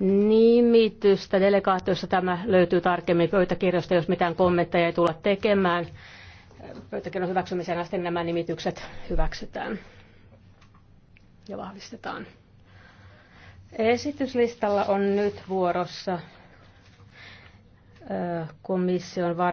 nimitystä delegaatiossa. Tämä löytyy tarkemmin pöytäkirjoista, jos mitään kommentteja ei tulla tekemään. Pöytäkirjan hyväksymisen asti nämä nimitykset hyväksytään ja vahvistetaan. Esityslistalla on nyt vuorossa komission var-